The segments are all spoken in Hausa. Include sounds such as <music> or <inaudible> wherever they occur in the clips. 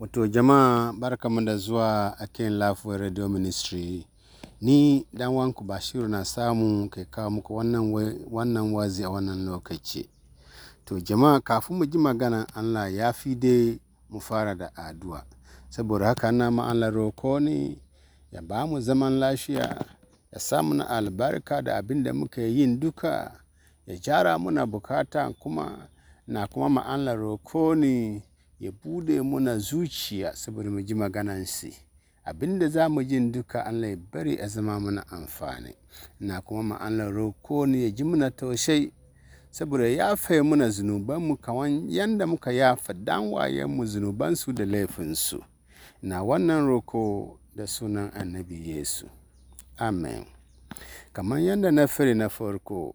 Wato jama'a barkamu da zuwa a kan Lafiyar Radio Ministry. Ni dan wanku Bashiru na samu kai kawo muku wannan wannan wazi a wannan lokaci. To jama'a kafin mu ji maganan Allah ya fi dai mu fara da addu'a. Saboda haka na ma'anar roko ne ya ba mu zaman lafiya, ya samu na albarka da abin da muka yi duka, ya jara muna bukata kuma na kuma ma'anar roko ne ya buɗe muna zuciya saboda mu ji shi abinda za mu jin duka Allah ya bari a zama mana amfani na kuma ma Allah roko ne ya ji muna taushai saboda ya faye muna zunubanmu kawan yanda muka yafa mu zunuban zunubansu da laifinsu na wannan roko da sunan annabi Yesu amen Kaman yadda na fere na farko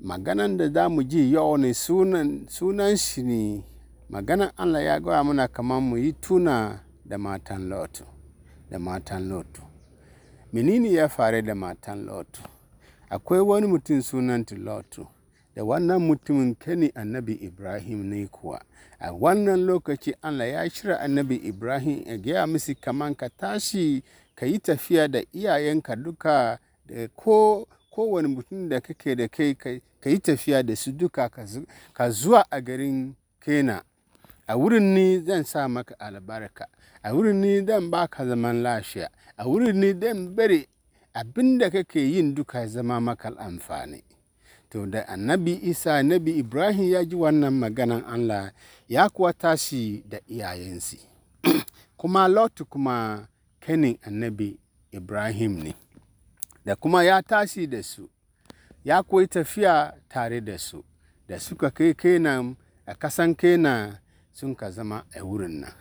maganan da za mu ji yau ne sunan shi ne maganan Allah ya gaya muna kamar mu yi tuna da matan Lotu, da matan Lotu. Menene ya faru da matan Lotu? Akwai wani mutum sunan Lotu, da wannan mutumin kani annabi Ibrahim ne kuwa. A wannan lokaci Allah ya shirya annabi Ibrahim ya gaya musu kaman ka tashi ka yi tafiya da iyayenka duka da ko kowane mutum da kake da kai ka yi tafiya da su duka ka zuwa a garin kena a wurin ni zan sa maka albarka a wurin ni zan baka zaman lafiya a wurin ni zan bari abin da kake yin duka zama maka amfani to da annabi isa annabi ibrahim ya ji wannan maganan allah ya kuwa tashi da iyayensi <clears throat> kuma lot kuma kenin annabi ibrahim ne da kuma ya tashi da su ya koyi tafiya tare da su da suka kai kenan a kasan kenan sun ka zama a wurin nan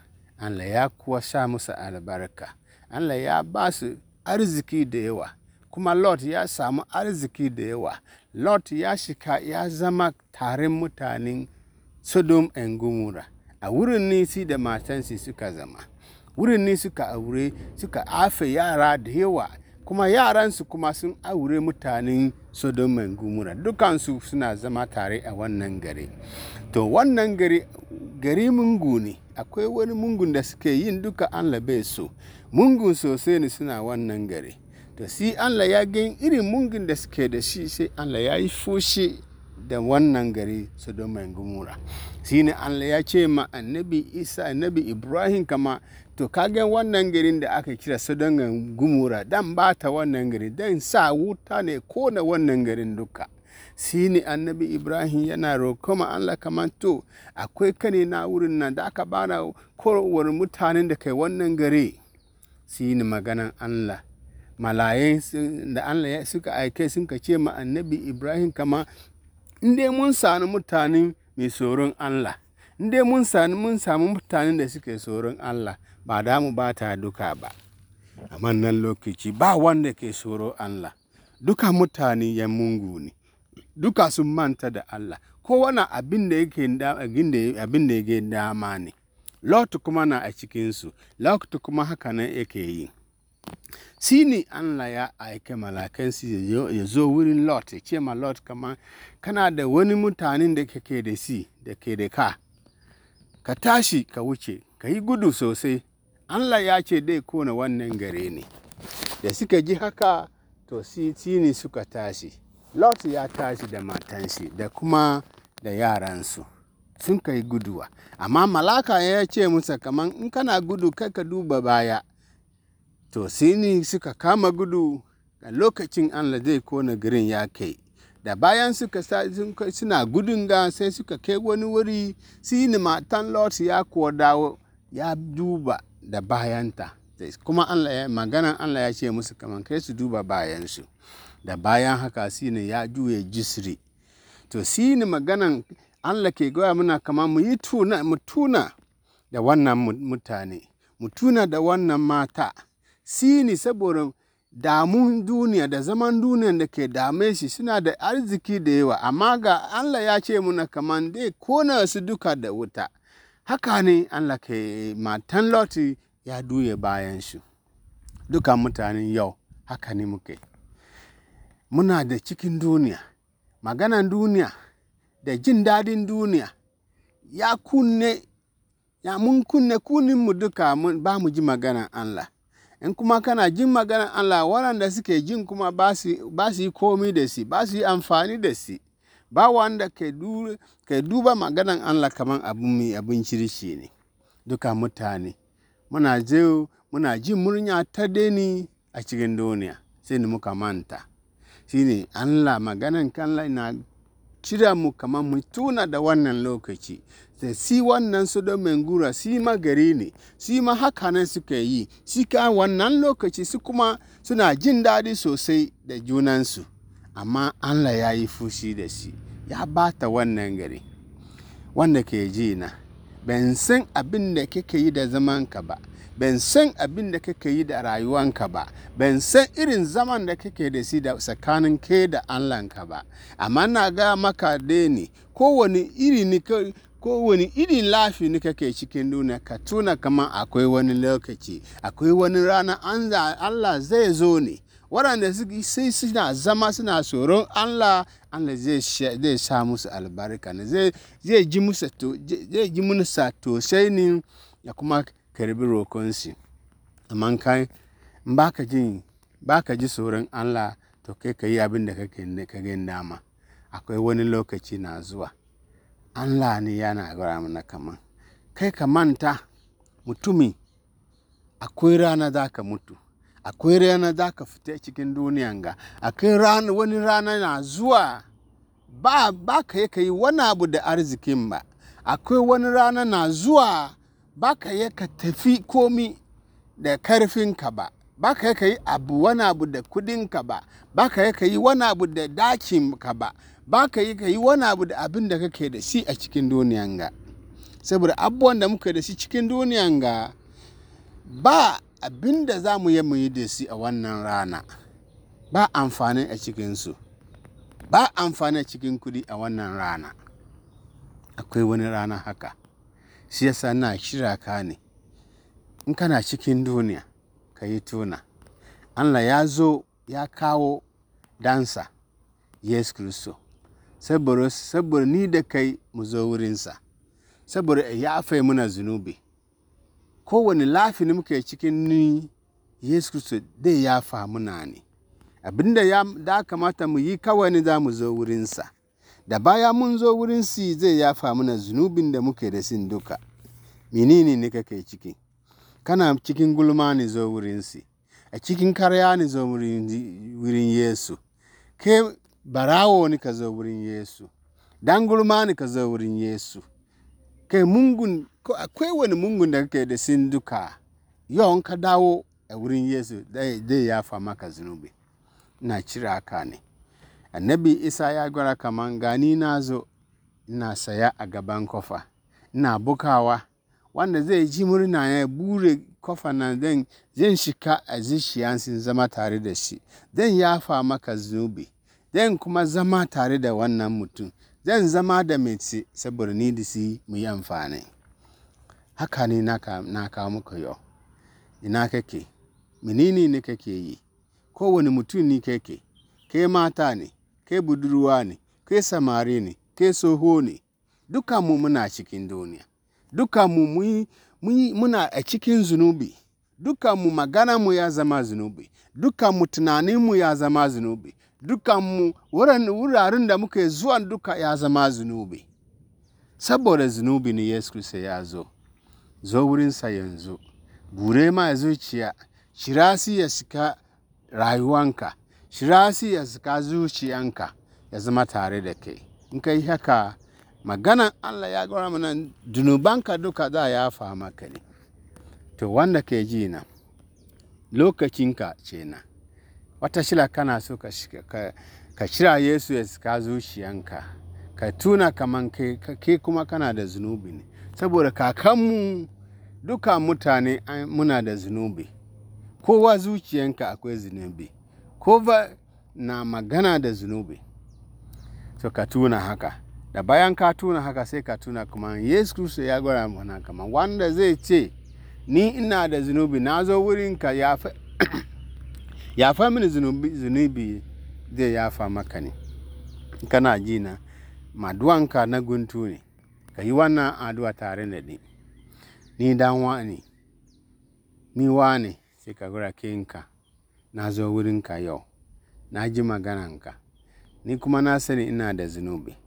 Allah ya kuwa sa musu albarka Allah ya ba su arziki da yawa kuma lot ya samu arziki da yawa lot ya shika ya zama tarin mutanen sodom and gomora a wurin nisi da matansi suka zama wurin ne suka aure suka afe yara da yawa kuma yaransu kuma sun aure mutanen sodom and gumura dukansu suna zama tare a wannan gari to wannan gari gari mungu ne akwai wani mungun da suke yin duka an labe su mungun sosai ne suna wannan gari to si allah ya gan irin mungun da suke da shi sai allah ya yi fushi da wannan gari sodom and Gumura shi ne allah ya ce ma annabi isa annabi ibrahim kama to kagen wannan garin da aka kira sodonan gumura dan bata wannan gari dan sa wuta ne kona wannan garin duka shi ne annabi ibrahim yana rokoma allah kamar to akwai kane na wurin nan da aka bana korowar mutanen da kai wannan gari shi ne maganan allah malayen da allah suka aike sun ka ce ma annabi ibrahim kama inda mun sani mutanen mai tsoron allah in mun sami mun samu mutanen da suke tsoron Allah ba damu ba ta duka ba a wannan lokaci ba wanda ke soro Allah duka mutane ya mungu ne duka sun manta da Allah Ko abin da yake abin da yake dama ne lot kuma na a cikinsu lot kuma haka nan yake yi Sini ne Allah ya aike malakansu ya zo wurin lot ya ce ma lot kama kana da wani mutanen da kake da si da ke da ka ka tashi ka wuce ka yi gudu sosai Allah ya ce dai kona wannan gare ne da suka ji haka to sini suka tashi lot ya tashi da matansi da kuma da yaransu sun kai guduwa amma malaka ya ce musa kaman in kana gudu kai ka duba baya to sini suka kama gudu da lokacin Allah zai kona garin ya kai da bayan suka suna gudun ga sai suka kai wani wuri sini matan lot ya kuwa dawo ya duba da bayanta kuma Allah maganan Allah ya ce musu kaman kai su duba bayansu da bayan haka sine ya juye jisri to sine maganan Allah ke goya muna kama mu yi tuna mu tuna da wannan mutane mu tuna da wannan mata sini saboda damun duniya da zaman duniya da ke dame shi suna da arziki da yawa amma ga Allah ya ce muna kaman dai kona su duka da wuta Haka ne an ke matan Loti ya duye bayansu. duka mutanen yau haka ne muke. Muna da cikin duniya, maganan duniya da jin dadin duniya ya kunne, ya mun kunne kuninmu duka ba mu ji maganan Allah. In kuma kana jin maganan Allah, waɗanda suke jin kuma ba su yi komi da su ba su yi amfani da su ba wanda ke duba maganan Allah kamar abin mai abin ne duka mutane muna je muna ji murya ta deni a cikin duniya sai muka manta shine Allah maganan Allah na cira mu kamar mu tuna da wannan lokaci da si wannan su don mengura si ma gari ne si ma haka ne suka yi si ka wannan lokaci su kuma suna jin daɗi sosai da junansu amma Allah ya yi fushi da shi ya ba ta wannan gari wanda ke ji na ban san abin da kake yi da zamanka ba ban san abin da kake yi da rayuwanka ba ban san irin zaman da kake da shi da tsakanin ke da Allahnka ba amma na ga maka dai ne kowane iri ne kowane iri lafi ni kake cikin duniya ka tuna kamar akwai wani lokaci akwai wani rana Allah zai zo ne waɗanda sai suna zama suna tsoron Allah Allah zai sa musu albarka ne zai ji musu zai tosai ne ya kuma karbi rokonsu amma kai in baka ji tsoron Allah to kai ka yi abin da ka gani nama akwai wani lokaci na zuwa Allah ne yana gara mana kaman kai ka manta mutumi akwai rana za ka mutu akwai ranar za ka fita cikin duniyan ga akwai rana wani rana na zuwa ba ba ka yi ka yi wani abu da arzikin ba akwai wani rana na zuwa ba ka yi ka tafi komi da ka ba ba ka yi ka yi abu wani abu da ka ba ba ka yi ka yi wani abu da ka ba ba ka yi ka yi wani abu da abin da kake da shi a cikin duniyan ga saboda abubuwan da muke da shi cikin duniyan ga ba Abinda za mu yi muyi yi da su a wannan rana ba amfani a cikinsu ba amfani a cikin kudi a wannan rana akwai wani rana haka shi yasa na shirya ka ne in kana cikin duniya ka yi tuna allah ya zo ya kawo dansa yesu kristo saboda ni da kai mu zo wurinsa saboda ya fai muna zunubi kowane lafini muke cikin ni yesu kristo dai ya famu na ne abinda ya da kamata mu yi kawai ne za mu zo wurinsa da baya mun zo wurinsa zai ya famu na zunubin da muke da sin duka menene ne kake ciki kana cikin gulma ne zo wurinsa a cikin karya ne zo wurin yesu ke barawo ne ka zo wurin yesu dan gulma ne ka zo wurin yesu kai mungun akwai wani mungun da kake da sin duka yau ka dawo a wurin yesu zai ya yafa maka zunubi na cira ka ne annabi isa ya gwara kaman gani na zo ina saya a gaban kofa na bukawa wanda zai ji murna ya bure kofa na zan zan shika a zuciyansu zama tare da shi zan ya yafa maka zunubi zan kuma zama tare da wannan mutum zan zama da mace saboda ni da si mu yi amfani haka ne na kawo muka yau ina kake menene ne kake yi kowane mutum ne kake kai mata ne kai budurwa ne kai samari ne kai soho ne dukanmu muna cikin duniya dukanmu muna a cikin zunubi magana mu ya zama zunubi tunanin mu ya zama zunubi dukanmu wuraren da muke zuwa duka ya zama zunubi saboda zunubi ne yesu kristo ya zo zo wurinsa yanzu gure ma zuciya shirasi ya sika rayuwanka shirasi ya sika zuciyanka ya zama tare da kai in ka yi haka magana allah ya gwara mana dunubanka duka za ya fama ka ne to wanda ke ji na lokacinka ce na Wata shila kana so ka, ka, shira yesu ya ka zuciyanka ka tuna kaman ke kuma kana da zunubi ne saboda kakanmu duka mutane muna da zunubi kowa zuciyanka akwai zunubi kowa na magana da zunubi so ka tuna haka da bayan ka tuna haka sai ka tuna kuma yesu kristo ya gwada mana kama wanda zai ce ni ina da zunubi na zo wurinka ya <coughs> yafa mini zunubi zai yafa maka ne kana ji na maduwanka na guntu ne ka yi wannan addu'a tare da ni ni dan wani ni ne sai ka gura kinka na zo wurinka yau na ji ka ni kuma na sani ina da zunubi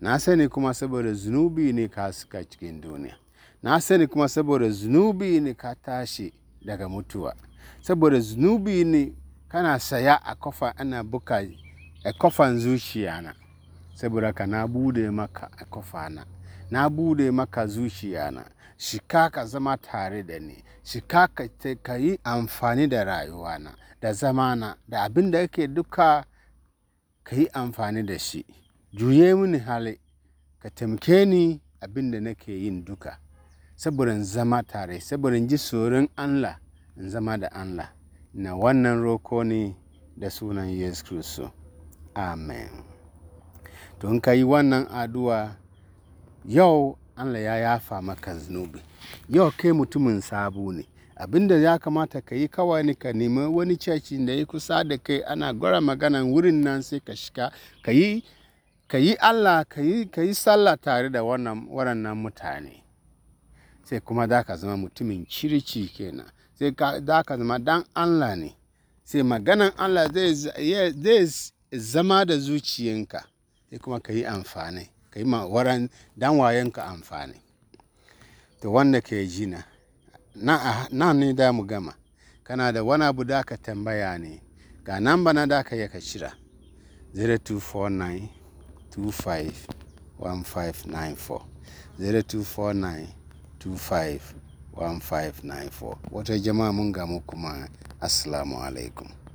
na sani kuma saboda zunubi ne ka suka cikin duniya na sani kuma saboda zunubi ne ka tashi daga mutuwa saboda zunubi ne kana saya a kofa ana buka a kofan zuciya na saboda ka na bude maka a kofa na na bude maka zuciya na shika ka zama tare da ni shika ka yi amfani da rayuwa na da zama na da abin da yake duka ka yi amfani da shi juye mini hali ka taimake ni abin da nake yin duka saboda zama tare saboda ji tsoron allah in zama da allah na wannan roko ne da sunan Yesu Kiristo. Amen. To in ka yi wannan addu'a yau Allah ya yafa maka zunubi. Yau kai mutumin sabo ne. Abin da ya kamata ka yi kawai ne ka nemi wani cecin da ya kusa da kai ana gwara maganan wurin nan sai ka shiga ka yi ka yi Allah ka yi ka yi sallah tare da wannan waɗannan mutane. Sai kuma za ka zama mutumin kirki kenan. sai da ka zama dan Allah ne sai maganan Allah zai zama da zuciyanka sai kuma ka yi amfani ka yi waran dan amfani to wanda ka yi jina na ne da mu gama kana da wani abu da ka tambaya ne ga nan bana da ka yi ka cira 0249 25 1594 0249 25 1594 wata jama'a mun gamu kuma assalamu alaikum